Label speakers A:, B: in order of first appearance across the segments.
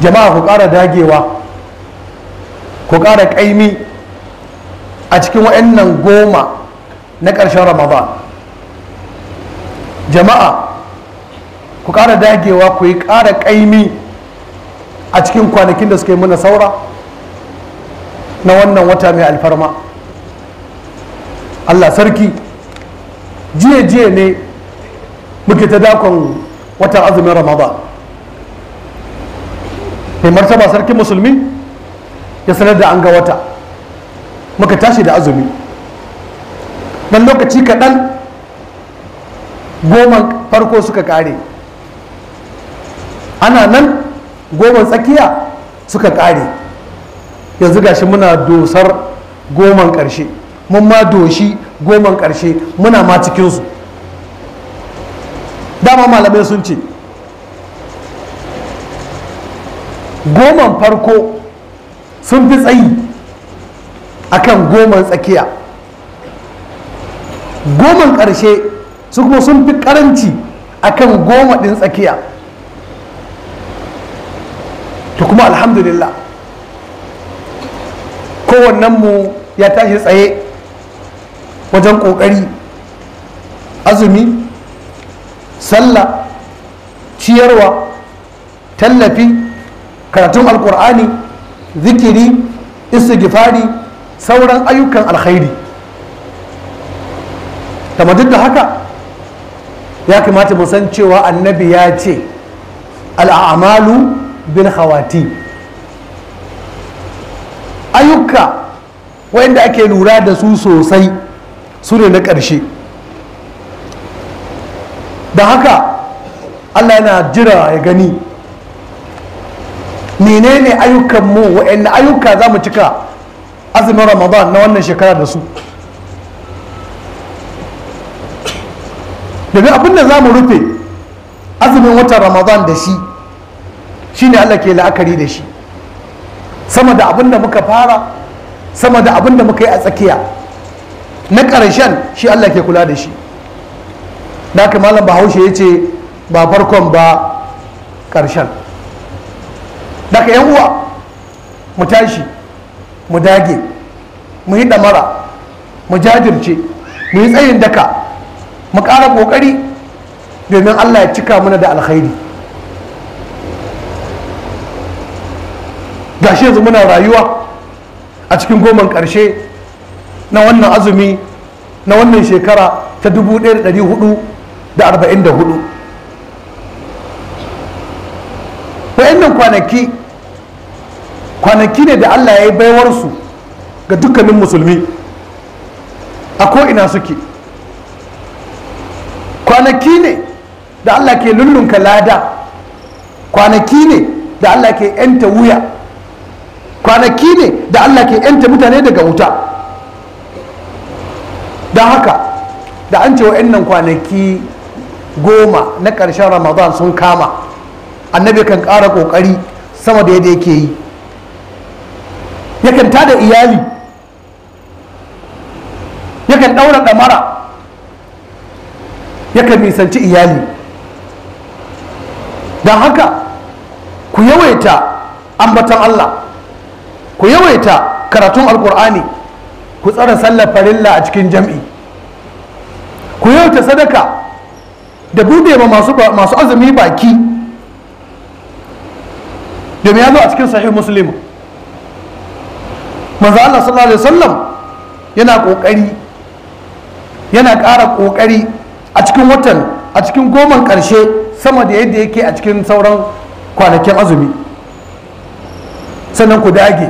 A: jama'a ku ƙara dagewa ku ƙara ƙaimi a cikin waɗannan goma na ƙarshen ramadan jama'a ku ƙara dagewa ku yi ƙara ƙaimi a cikin kwanakin da suka yi muna saura na wannan wata mai alfarma allah sarki jiye-jiye ne muke ta dakon watan azumin ramadan mai martaba sarkin musulmi ya sanar da an ga wata muka tashi da azumi dan lokaci kaɗan goma farko suka ƙare ana nan goma tsakiya suka ƙare yanzu gashi muna dosar goman ƙarshe mun ma doshi goman ƙarshe muna ma cikinsu dama malamai sun ce goman farko sun fi tsayi akan goman tsakiya goman ƙarshe su kuma sun fi ƙaranci akan goma ɗin tsakiya to kuma alhamdulillah kowannenmu ya tashi tsaye wajen ƙoƙari azumi sallah ciyarwa tallafi karatun alkur'ani zikiri istighfari sauran ayyukan alkhairi kama duk da haka ya kamata mu san cewa annabi ya ce al'amalu bil hawati ayyuka wayanda ake lura da su sosai su ne na ƙarshe da haka allah yana jira ya gani menene ayyukan mu wa'anne ayyuka za mu cika azumin ramadan na wannan shekara da su domin abin da za mu rufe azumin watan ramadan da shi shine allah ke la'akari da shi sama da abin da muka fara sama da abin da muka yi a tsakiya na ƙarshen shi allah ke kula da shi da malam bahaushe ya ce ba farkon ba ƙarshen daga yan uwa mu tashi mu dage mu yi damara mu jajirce mu yi tsayin daka mu ƙara ƙoƙari domin allah ya cika mana da alkhairi gashi yanzu muna rayuwa a cikin goman ƙarshe na wannan azumi na wannan shekara ta 1444 wa'annan kwanaki kwanaki ne da allah ya yi baiwarsu ga dukkanin musulmi a ko'ina suke kwanaki ne da allah ke lullunka lada kwanaki ne da allah ke yanta wuya kwanaki ne da allah ke yanta mutane daga wuta don haka da an ce wa'annan kwanaki goma na ƙarshen ramadan sun kama annabi kan ƙara ƙoƙari sama da yadda yake yi yakan tada iyali yakan ɗaura ɗamara yakan nisanci iyali don haka ku yawaita ambatan Allah ku yawaita karatun alkur'ani ku tsara sallar farilla a cikin jam'i ku yawaita sadaka da bude ma masu azumi baki domin ya zo a cikin sahih muslim manzo Allah sallallahu alaihi wasallam yana kokari yana ƙara kokari a cikin watan a cikin goman ƙarshe sama da yadda yake a cikin sauran kwanakin azumi sannan ku dage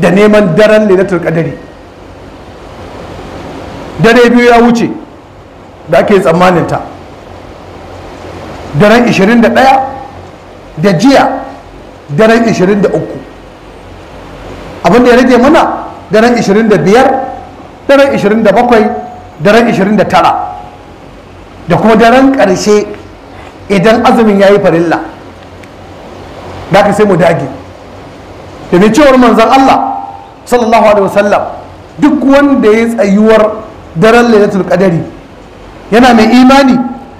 A: da neman daren lailatul qadari dare biyu ya wuce da ake tsammanin tsammaninta daren 21 da jiya daren 23 abin da ya rage mana daren 25 daren 27 daren 29 da kuma daren ƙarshe idan azumin ya yi farilla da ka sai mu dage mai cewar manzan Allah sallallahu alaihi wasallam duk wanda ya tsayuwar daren lailatul qadari yana mai imani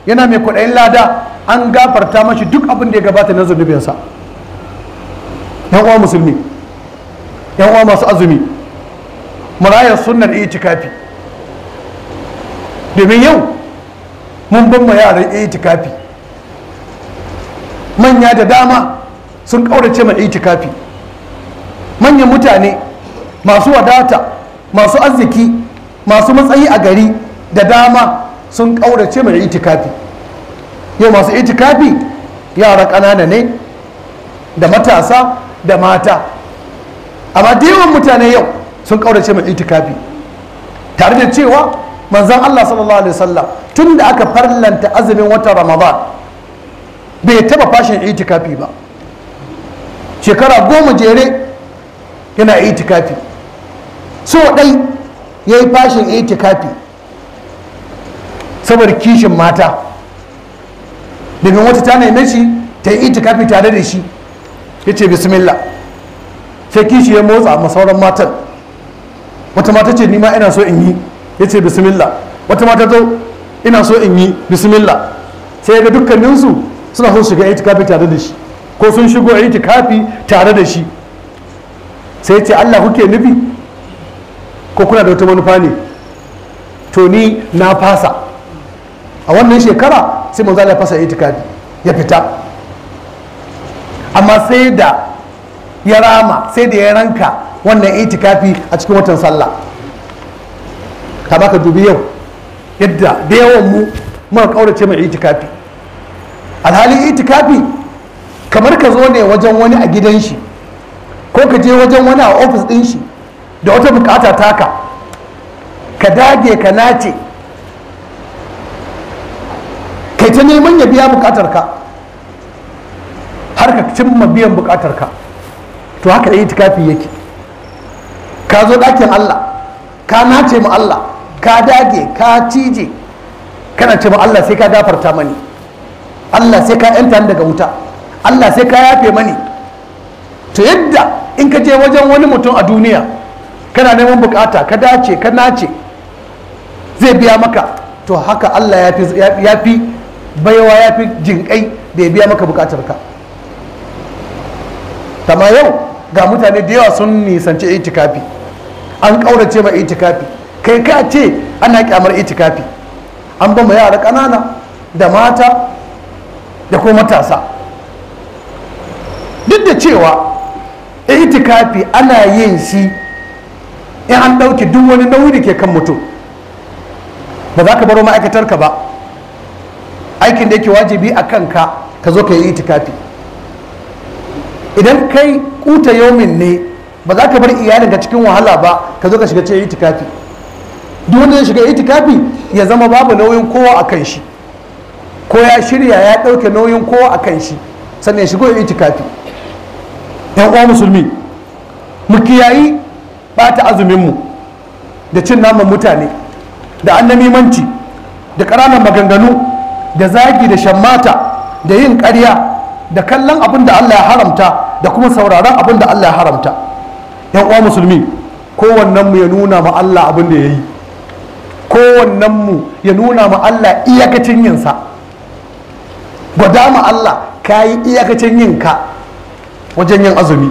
A: yana mai kudayin lada an gafarta mashi duk abin da ya gabata na zunubinsa yan uwa musulmi yan uwa masu azumi murayar sunnar itikafi domin yau mun ban ma yaran itikafi manya da dama sun kaurace ma itikafi manyan mutane masu wadata masu arziki masu matsayi a gari da dama sun kaurace ma itikafi yau masu itikafi yara ƙanana ne da matasa da mata amma da yawan mutane yau sun kaurace mai itikafi tare da cewa manzan Allah sallallahu alaihi wasallam tun da aka farlanta azumin watan Ramadan bai taba fashin itikafi ba shekara goma jere yana itikafi so dai ya yi fashin itikafi saboda kishin mata domin wata ta neme shi ta yi itikafi tare da shi ya ce bismillah sai kishi ya motsa ma sauran matan wata mata ce nima ina so in yi ya ce bismillah wata mata zo ina so in yi bismillah sai ga dukkaninsu suna so shiga itikafi tare da shi ko sun shigo itikafi tare da shi sai ce Allah kuke nufi ko kuna da wata manufa ne to ni na fasa a wannan shekara sai manzo ya fasa itikafi ya fita amma sai da ya rama sai da ya ranka wannan itikafi a cikin watan sallah ka dubi yau yadda da yawan mu muka kaurace mai itikafi alhali itikafi kamar ka zo ne wajen wani a gidan shi ko ka je wajen wani a ofis din shi da wata bukata taka ka dage ka nace kai ta neman ya biya bukatar ka har ka cimma biyan bukatar ka to haka itikafi yake ka zo ɗakin Allah ka nace mu Allah ka dage ka cije kana ce mu Allah sai ka gafarta mani Allah sai ka yanta daga wuta Allah sai ka yafe mani to yadda in ka je wajen wani mutum a duniya kana neman bukata ka dace ka nace zai biya maka to haka Allah ya fi baiwa ya fi jinƙai da ya biya maka bukatarka tama yau ga mutane da yawa sun nisanci itikafi an ƙaurace ma itikafi kai ka ce ana kyamar itikafi an ba yara ƙanana da mata da kuma matasa duk da cewa itikafi ana yin shi in an ɗauke duk wani nauyi da ke kan mutum ba za ka baro ma'aikatar ka ba aikin da yake wajibi a kanka ka zo ka yi itikafi idan kai kuta yomin ne ba za ka bar iyalinka cikin wahala ba ka zo ka shiga cikin itikafi duk wanda ya shiga itikafi ya zama babu nauyin kowa a kan shi ko ya shirya ya ɗauke nauyin kowa a kan shi sannan ya shigo itikafi yan uwa musulmi mu kiyayi bata azumin mu da cin naman mutane da annamimanci da ƙananan maganganu da zagi da shammata da yin ƙarya da kallon abin da Allah ya haramta da kuma sauraron abin da Allah ya haramta yan uwa musulmi kowannen mu ya nuna ma Allah abin da ya yi kowannen mu ya nuna ma Allah iyakacin yinsa gwada ma Allah ka yi iyakacin yinka wajen yin azumi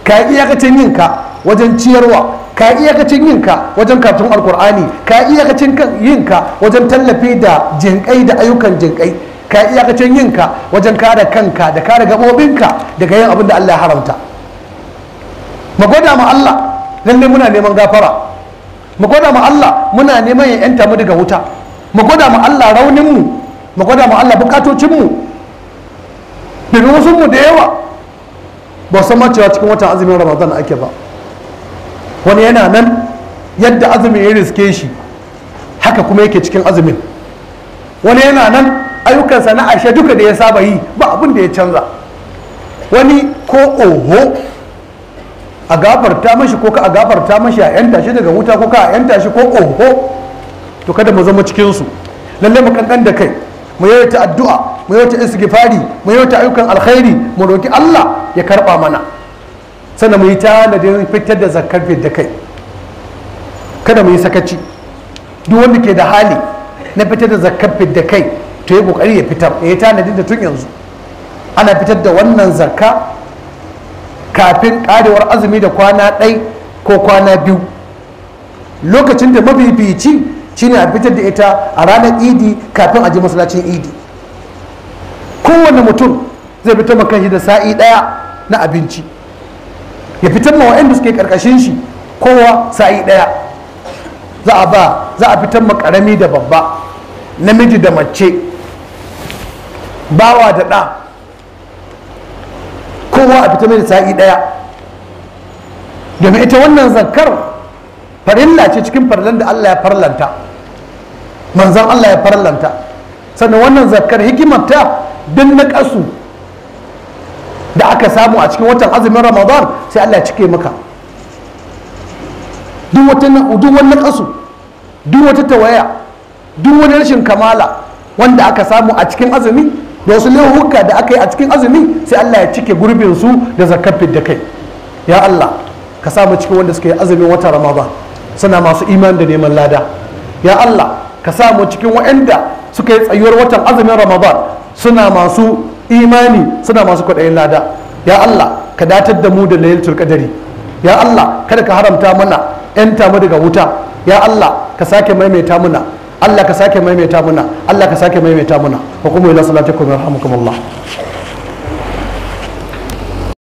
A: ka yi iyakacin yinka wajen ciyarwa ka yi iyakacin yinka wajen karatun alkur'ani ka yi iyakacin yinka wajen tallafi da jinkai da ayyukan jinkai. ka yi iyakacin yinka wajen kare kanka da kare gabobinka daga yin abin da Allah ya haramta mu gwada ma Allah lalle muna neman gafara mu gwada ma Allah muna neman ya yanta mu daga wuta mu gwada ma Allah raunin mu mu gwada ma Allah bukatocin mu domin wasu mu da yawa ba san ma cewa cikin watan azumin Ramadan ake ba wani yana nan yadda azumin ya riske shi haka kuma yake cikin azumin wani yana nan ayyukansa na ashe duka da ya saba yi ba abin da ya canza wani ko oho a gafarta mashi ko ka a gafarta mashi a yanta shi daga wuta ko ka a yanta shi ko oho to kada mu zama cikinsu lallai mu kankan da kai mu yi ta addu'a mu yi ta istighfari mu yi ta ayyukan alkhairi mu roki Allah ya karɓa mana sannan mu yi ta da fitar da zakar da kai kada mu yi sakaci duk wanda ke da hali na fitar da zakar da kai to ya kokari ya fitar ya tanadi da tun yanzu ana fitar da wannan zakka kafin karewar azumi da kwana ɗai ko kwana biyu lokacin da mafi mafifici shine a fitar da ita a ranar idi kafin a ji masallacin idi kowane mutum zai fitar makan shi da sa'i ɗaya na abinci ya fitar ma wa'anda suke karkashin shi kowa sa'i ɗaya za a ba za a fitar ma karami da babba namiji da mace bawa da ɗa kowa a fita mai sa'i ɗaya domin ita wannan zakar farilla ce cikin farillan da Allah ya farlanta manzan Allah ya farlanta sannan wannan zakar hikimarta don na ƙasu da aka samu a cikin watan azumin ramadan sai Allah ya cike maka duk wani nakasu duk wata tawaya duk wani rashin kamala wanda aka samu a cikin azumi da wasu laifuka da aka yi a cikin azumi sai Allah ya cike gurbin su da zakafin da kai ya Allah ka samu cikin wanda suka yi azumin wata ramadan suna masu iman da neman lada ya Allah ka samu cikin waɗanda suka yi tsayuwar watan azumin ramadan suna masu imani suna masu kwaɗayin lada ya Allah ka datar da mu da lailatul qadari ya Allah kada ka haramta mana 'yan tamu daga wuta ya Allah ka sake maimaita mana Allah ka sake maimaita muna Allah ka sake maimaita muna hukumu ila salatikum yarhamukumullah